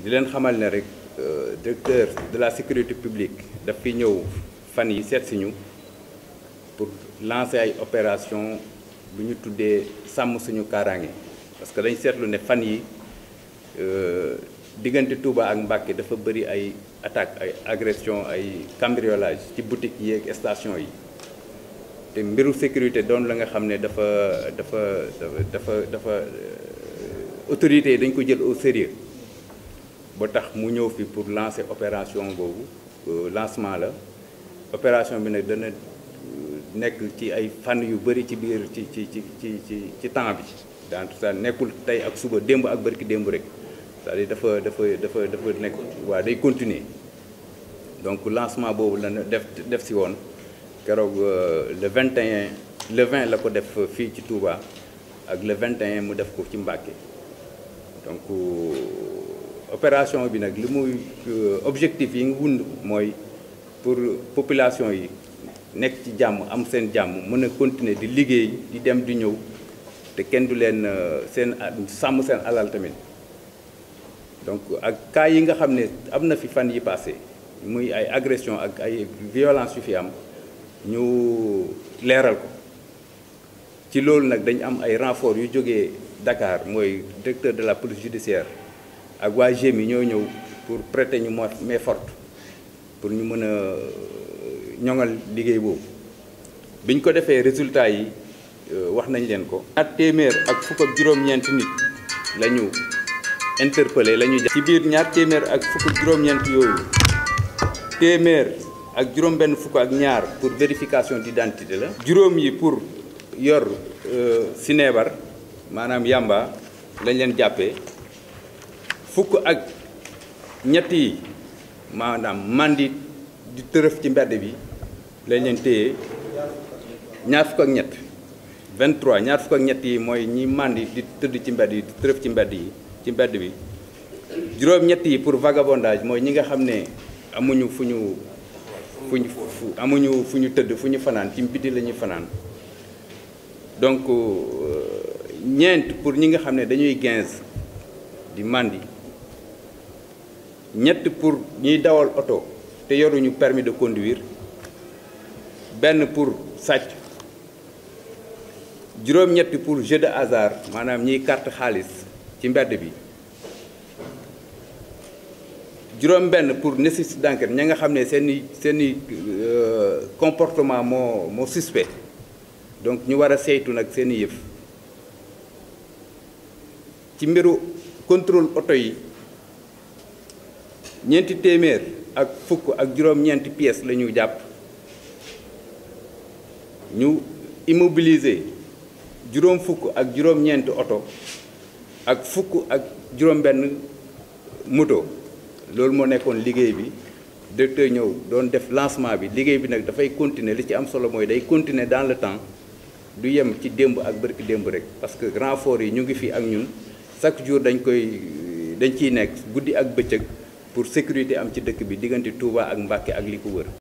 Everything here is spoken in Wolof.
di leen xamal ne rek euh, directeur de la sécurité publique daf fi ñëw fan yi seet si ñu pour lancer ay opération bu ñu tuddee sàmm suñu kaaraange parce que dañ seetlu ne fan yi euh, diggante Touba ak Mbacké dafa bëri ay attaque ay agression ay cambriolage ci boutique yi ak station yi te mbiru sécurité doon la nga xam ne dafa dafa dafa dafa euh, autorité yi dañ ko jël au sérieux ba tax mu ñëw fi pour lancer opération boobu euh, lancement la opération bi nag dana euh, nekk ci ay fànn yu bëri ci biir ci ci ci ci ci ci temps bi dans tout nekkul tey ak suba démb ak bërki démb rek cest à dafa dafa dafa dafa nekk waa day continuer donc lansement boobu la def def si woon keroog euh, le 21 le 20 la ko def fii ci Touba ak le 21 mu def ko ci Mbacké donc opération bi nag li muy euh, objectif yi nga wund mooy pour population yi nekk ci jàmm am seen jàmm mën a continuer di liggéey di dem di ñëw te kenn du leen euh, seen ah, sàmm seen alal tamit donc ak cas yi nga xam ne am na fi fan yi passé muy ay agression ak ay violence yu fi am ñu leeral ko ci loolu nag dañu am ay renfort yu jógee dakaar mooy directeur de la police judiciaire ak waa GMI ñoo ñëw pour prêter ñu main forte pour ñu mën a euh, ñoŋal liggéey boobu bi ñu ko defee résultat yi euh, wax nañ leen ko. ñaar téeméer ak fukk ak juróom-ñeenti nit la ñu interpellé la ñu. ci biir ñaar téeméer ak fukk juróom-ñeent yooyu téeméer ak juróom-benn fukk ak ñaar pour vérification d'identité la. juróom yi pour yor euh, neebar maanaam yàmba lañ leen jàppee. fukk ak ñett yi maanaam mandi di tërëf ci mbedd bi lañ leen téye ñaar fukk ak ñett 23 ñaar fukk ak ñett yi mooy ñi mandi di tëdd ci mbedd yi di tërëf ci mbedd yi ci mbedd bi juróom-ñett yi pour vagabondage mooy ñi nga xam ne amuñu fu ñu fu ñu amuñu fu ñu tëdd fu ñu fanaan ci mbiddi lañuy fanaan donc euh, ñeent pour ñi nga xam ne dañuy 15 di mandi ñett pour ñuy dawal oto te yoruñu permis de conduire benn pour sàcc juróom-ñetti pour jeu de hasard maanaam ñiy carte xaalis ci mbedd bi juróom benn pour nécessité d'enquête ña nga xam ne seeni seeni euh, comportement moo moo suspect donc ñu war a saytu nag seeni yëf ci mbiru contrôle oto yi ñeenti téeméer ak fukk ak juróom-ñeenti pièces la jàpp ñu immobiliser juróom fukk ak juróom-ñeenti oto ak fukk ak juróom-benn moto loolu moo nekkoon liggéey bi directeur ñëw doon def lancement bi liggéey bi nag dafay continuer li ci am solo mooy day continuer dans le temps du yem ci démb ak bërki démb rek parce que renforts yi ñu ngi fi ak ñun chaque jour dañ koy dañ ciy nekk guddi ak bëccëg pour sécurité am ci dëkk bi diggante Touba ak Mbàkke ak li ko wër